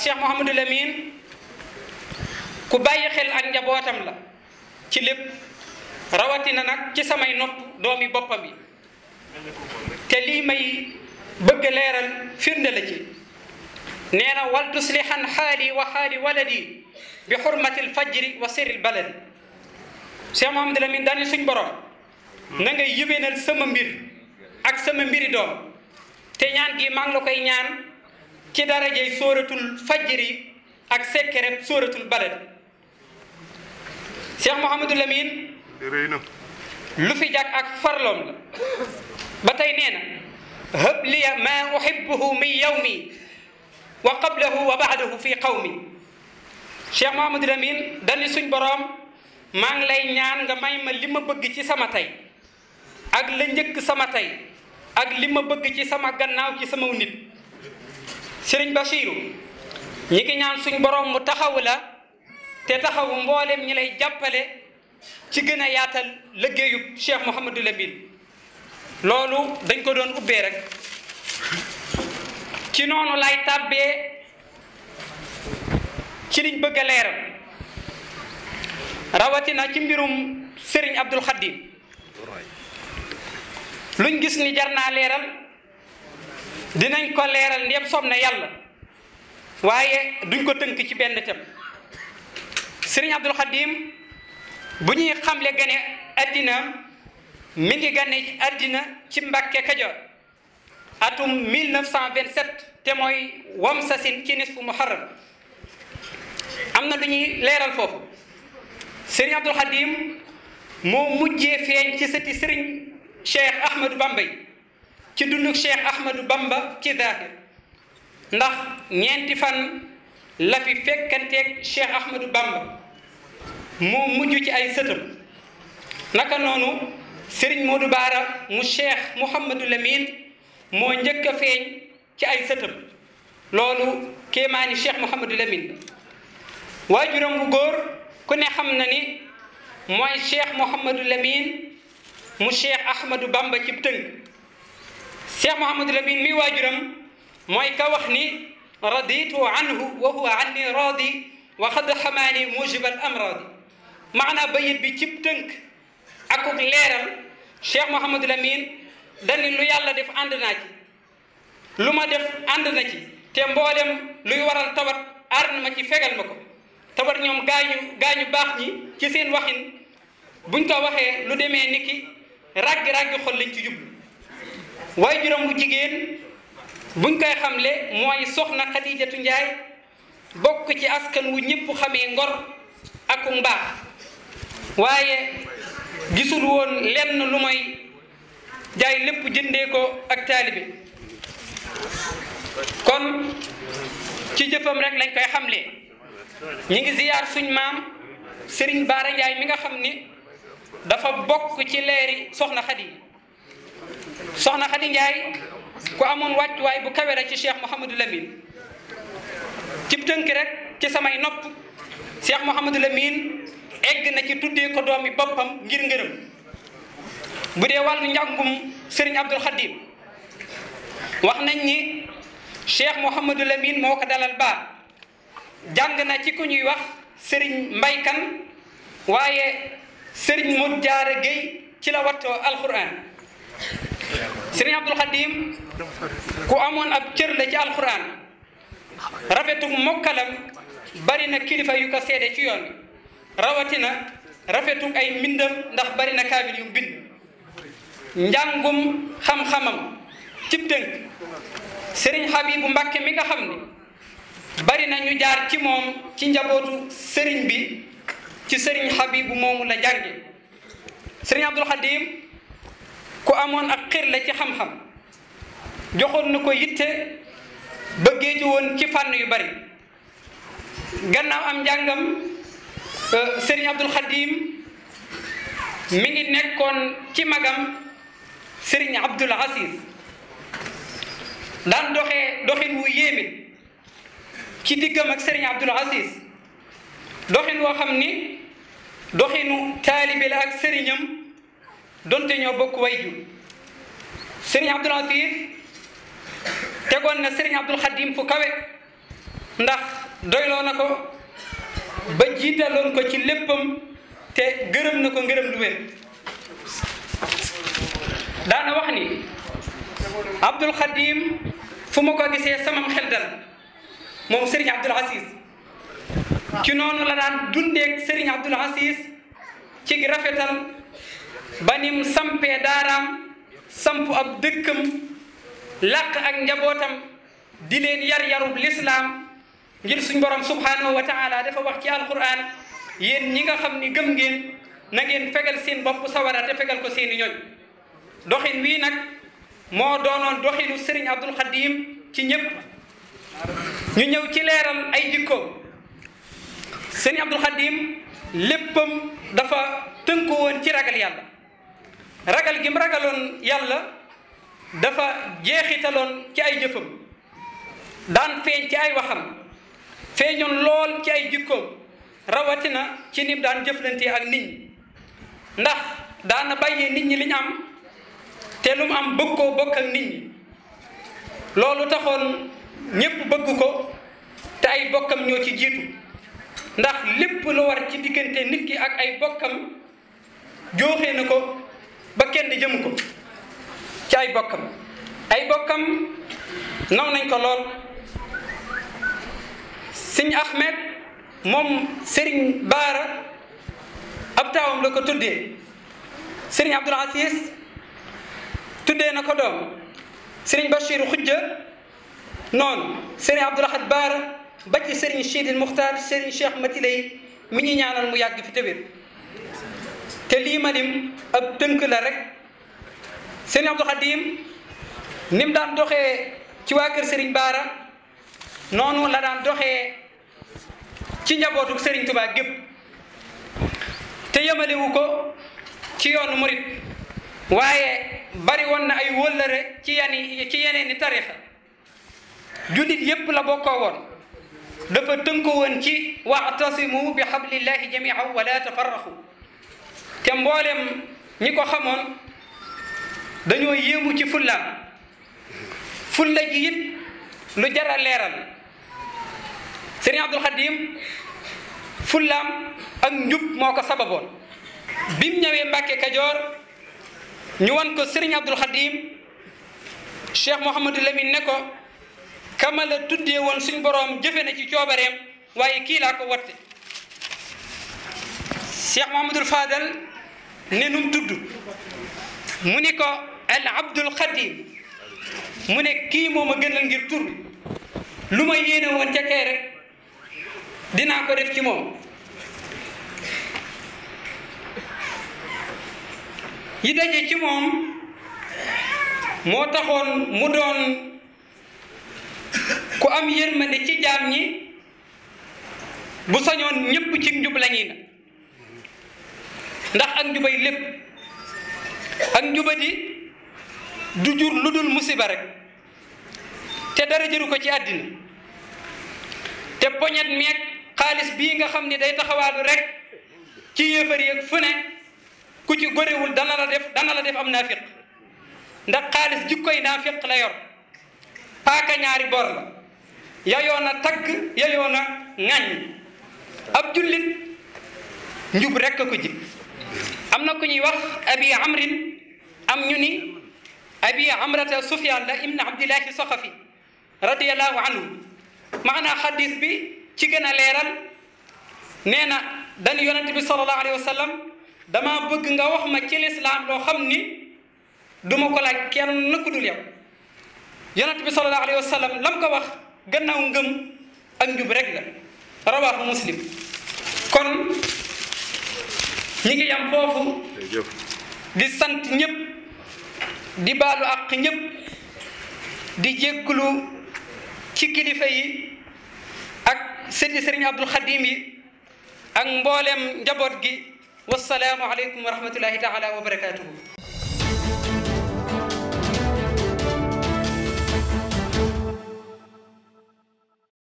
Cheikh Mouhamadou Lamine ku bàyyi xel ak njabootam la ci lépp rawatina nag ci samay nopp doomi boppam yi te lii may bëgg leeral wal tuslihan xaali wa xaali waladi bi xurmatil fajri wa siril baladi Cheikh Mouhamadou Lamine dañu suñ borom na nga yëwénal sama mbir ak sama mbiri doom te ñaan gi كدرجه سوره الفجري اك سكرم سوره البلد شيخ محمد لامين رينا لوفي جاك اك فرلوم باتاي نينا هب لي ما احبه من يومي وقبله وبعده في قومي شيخ محمد لامين دالي سوني بروم ماغ لاي نيان غا ماي ما ليما بغي سي سما تاي اك لا نيك سما تاي اك ليما بغي سي سما غناو سي سما نيت sëriñ Bachiru ñi ngi ñaan suñ borom mu taxaw la te taxaw mbooleem ñi lay jàppale ci gën a yaatal liggéeyu Cheikh Mouhamadou Lamine loolu dañ ko doon ubbee rek ci noonu lay tàbbee ci liñ bëgg a leeral rawatina ci mbirum sëriñ Abdul Xaddim luñ gis ni jar naa leeral dinañ ko leeral ndéem soob na yàlla waaye duñ ko tënk ci benn tem sëriñ Abdul Xadim bu ñuy xamle gane àddina mi ngi gane addina ci Mbàkke Kajoor atum 1927 te mooy wamsasin ci nisfu muharram am na lu ñuy leeral foofu sëriñ Abdul Xadim moo mujjee feeñ ci sëti sëriñ Cheikh Ahmadou Bambay ci dunduk Cheikh Ahmadou Bamba ci zaahir ndax ñeenti fan la fi fekkanteeg Cheikh Ahmadou Bamba moo mujj ci ay sëtam naka noonu Serigne Modou Baara mu Cheikh Mouhamadou Lamine moo njëkk a feeñ ci ay sëtam loolu kéemaani Cheikh Mouhamadou Lamine waajuram bu góor ku ne xam na ni mooy Cheikh Mouhamadou Lamine mu Cheikh Ahmadou Bamba ci tënk شيخ محمد لبين مي واجرم موي كوخني رضيت عنه وهو عني راضي وقد حماني موجب الامر راضي معنى بين بي تيب تنك اكو ليرال شيخ محمد لامين داني لو يالا ديف اندنا لوما ديف اندنا سي تي مبولم لوي ورال تبر ارن ما سي فغال مكو تبر نيوم غاني غاني باخ ني سي سين واخين بونتو واخه لو ديمي نيكي راغ راغ خول لنجي يوبو waaye juróom bu jigéen buñ koy xamle mooy soxna Xadijatu Njaay bokk ci askan wu ñëpp xamee ngor ak mbaax waaye gisul woon lenn lu mooy jaay lépp jëndee ko ak taalibe kon ci jëfam rek lañ koy xamle ñi ngi ziyaar suñ maam Serigne Baara Njaay mi nga xam ni dafa bokk ci leeri soxna Xadi soxna Khady Ndiaye ku amoon wàccuwaay bu kawe la ci Cheikh Mouhamadou Lamine ci tënk rek ci samay nopp sheikh Mouhamadou Lamine egg na ci tuddee ko doomi boppam ngir ngërëm bu dee wàllu njàngum sëriñ Abdoul Khadim wax nañ ni Cheikh Mouhamadou Lamine moo ko dalal baa jàng na ci ku ñuy wax Serigne Mbaykan waaye sëriñ Modou Diarra Guèye ci la wattoo alquran Serigne Abdul Xadim ku amoon ab cër ci alxuraan rafetu mokkalam bari na kilifa yu ko seede ci yoon rawatina rafetu ay mbindam ndax bari na kaabil yu mbind njàngum xam-xamam cib tënk Serigne Habibu Mbàkke mi nga xam ni bari na ñu jaar ci moom ci njabootu Serigne bi ci Serigne Habibu moomu la jànge Serigne Abdul Xadim ku amoon ab xir la ci xam-xam joxoon na ko yitte bëggee ji woon ci fànn yu bari gannaaw am njàngam euh, sëriñ Abdul Xadim mi nekkoon ci magam sëriñ Abdul Aziz daan doxee doxin wu yéeme ci diggam ak sëriñ Abdul Aziz doxin woo xam ni doxinu taalibe la ak sëriñam donte ñoo bokk wayju sëriñ Abdul Aziz tegoon na sëriñ Abdul Xadim fu kawe ndax doyloo na ko ba jiitaloon ko ci léppam te gërëm na ko ngërëm lu daana wax ni Abdul Xadim fu ma ko gisee samam xel dal moom sëriñ Abdul Aziz ci noonu la daan dundeek sëriñ Abdul Aziz ci rafetal ba nim sampee daaraam samp ab dëkkam làq ak njabootam di leen yar yarub lislaam ngir suñ borom subhanahu wa taala dafa wax ci alquran yéen ñi nga xam ni gëm ngeen na ngeen fegal seen bopp sawara te fegal ko seeni ñoñ doxin wii nag moo doonoon doxinu sëriñ Abdul Xadim ci ñépp ñu ñëw ci leeral ay jikkoom sëriñ Abdul Xadim léppam dafa tënku woon ci ragal yàlla ragal gi mu ragaloon yàlla dafa jeexitaloon ci ay jëfam daan feeñ ci ay waxam feeñoon lool ci ay jikkoom rawatina ci ni daan jëflante ak nit ñi ndax daana bàyyee nit ñi li ñu am te lu mu am bëgg koo bokk ak nit ñi loolu taxoon ñépp bëgg ko te ay bokkam ñoo ci jiitu ndax lépp lu war ci diggante nit ki ak ay bokkam jooxee na ko ba kenn jëmu ko ci ay bokkam ay bokkam naw nañ ko lool sëñ Ahmed moom Serigne Baara ab taawam la ko tuddee Serigne Abdoul Aziz tuddee na ko doom Serigne Bachir Khoudia noonu Serigne Abdoul baar Baara ba ci Serigne Chidil Mukhtar Serigne Cheikh Matilay mi ñu ñaanal mu yàgg fi tëwér te lii ma lim ab tënk la rek sëriñ Abdou Khadim ni mu daan doxee ci waa kër sëriñ Baara noonu la daan doxee ci njabootu sëriñ Touba gépp te yemalewu ko ci yoonu murit waaye bari woon na ay wëllëre ci yani ci yeneen i tarixa jullit yépp la bokkoo woon dafa tënko woon ci wa'tasimu bi hablillahi jami'an wa la tafarraqu te mboolem ñi ko xamoon dañoo yéemu ci fullaam fulla ji it lu jar a leeral Serigne Abdul Xadim fullaam ak njub moo ko sababoon bim ñëwee Mbàkke Kajoor ñu wan ko Serigne Abdul Xadim Cheikh Mouhamadou Lamine ne ko kama la tuddee suñ boroom jëfe na ci coobareem waaye kii laa ko watte Cheikh Mouhamadul Fadal ne nu mu tudd mu ni ko al abdul xadim mu ne kii moom a gënal ngir tur lu may yéene woon ca kee rek dinaa ko def ci moom yi daje ci moom moo taxoon mu doon ku am yërmande ci jaam ñi bu sañoon ñëpp ci njub la na ndax ak njubay lépp ak njubadi du jur lu dul musiba rek te dara jëru ko ci àddina te poñet meeg xaalis bii nga xam ni day taxawaatu rek ci yéefar yeeg fu ne ku ci gorewul dana la def dana la def am naafiq ndax xaalis jikkoy naafiq la yor paaka ñaari bor la yayoon a tagg yayoon a ŋàññ ab jullit njub rekk ko jik am na ku ñuy wax abi amrin am ñu ni abi amrata sufyaan la ibn abdillahi saxafi radiallahu anhu maanaa xadis bi ci gën a leeral nee na dan yonent bi salallahu alayhi wa sallam dama bëgg nga wax ma ci lislaam loo xam ni duma ko laaj kenn ku dul yow yonent bi salallahu alayhi wa sallam lam ko wax gannaaw ngëm ak njub rek la rawaahu muslim kon ñi ngi yam foofu di sant ñëpp di baalu àq ñëpp di jégglu ci kilifa yi ak sëriñ sëriñ Abdul Xadim yi ak mbooleem njaboot gi wasalaamu aleykum wa rahmatullahi taala wa barakatuhu